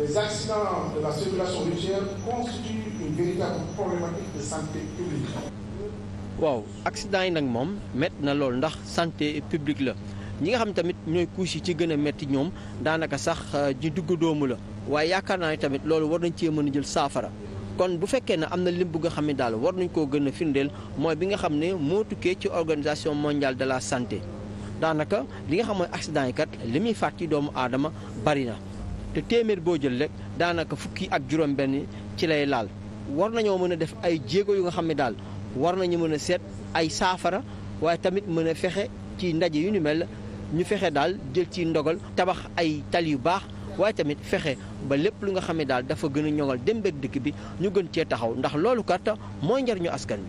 les accidents de waaw accident nag moom métti na lool ndax santé publique la ñi nga xam tamit ñooy couche yi ci gën a métti ñoom daanaka sax ji euh, dugg doomu la waaye yaakaar naa ne tamit loolu war nañ cee mën a jël saafara. kon bu fekkee ne am na lim bu nga xam ne daal war nañ koo gën a firndeel mooy bi nga xam ne moo tukkee ci organisation mondiale de la santé daanaka li nga xam mooy accident li muy faat ci doomu aadama bari na. te téeméer boo jël rek daanaka fukki ak juróom-benn ci lay laal war nañoo mën a def ay jéego yu nga xam ne daal war nañu mën a seet ay saafara waaye tamit mën a fexe ci ndaje yu ñu mel ñu fexe daal jël ci ndogal tabax ay tali yu baax waaye tamit fexe ba lépp lu nga xam ne daal dafa gën a ñoŋal dem beeg dikk bi ñu gën cee taxaw ndax loolu kat mooy njariñu askan bi.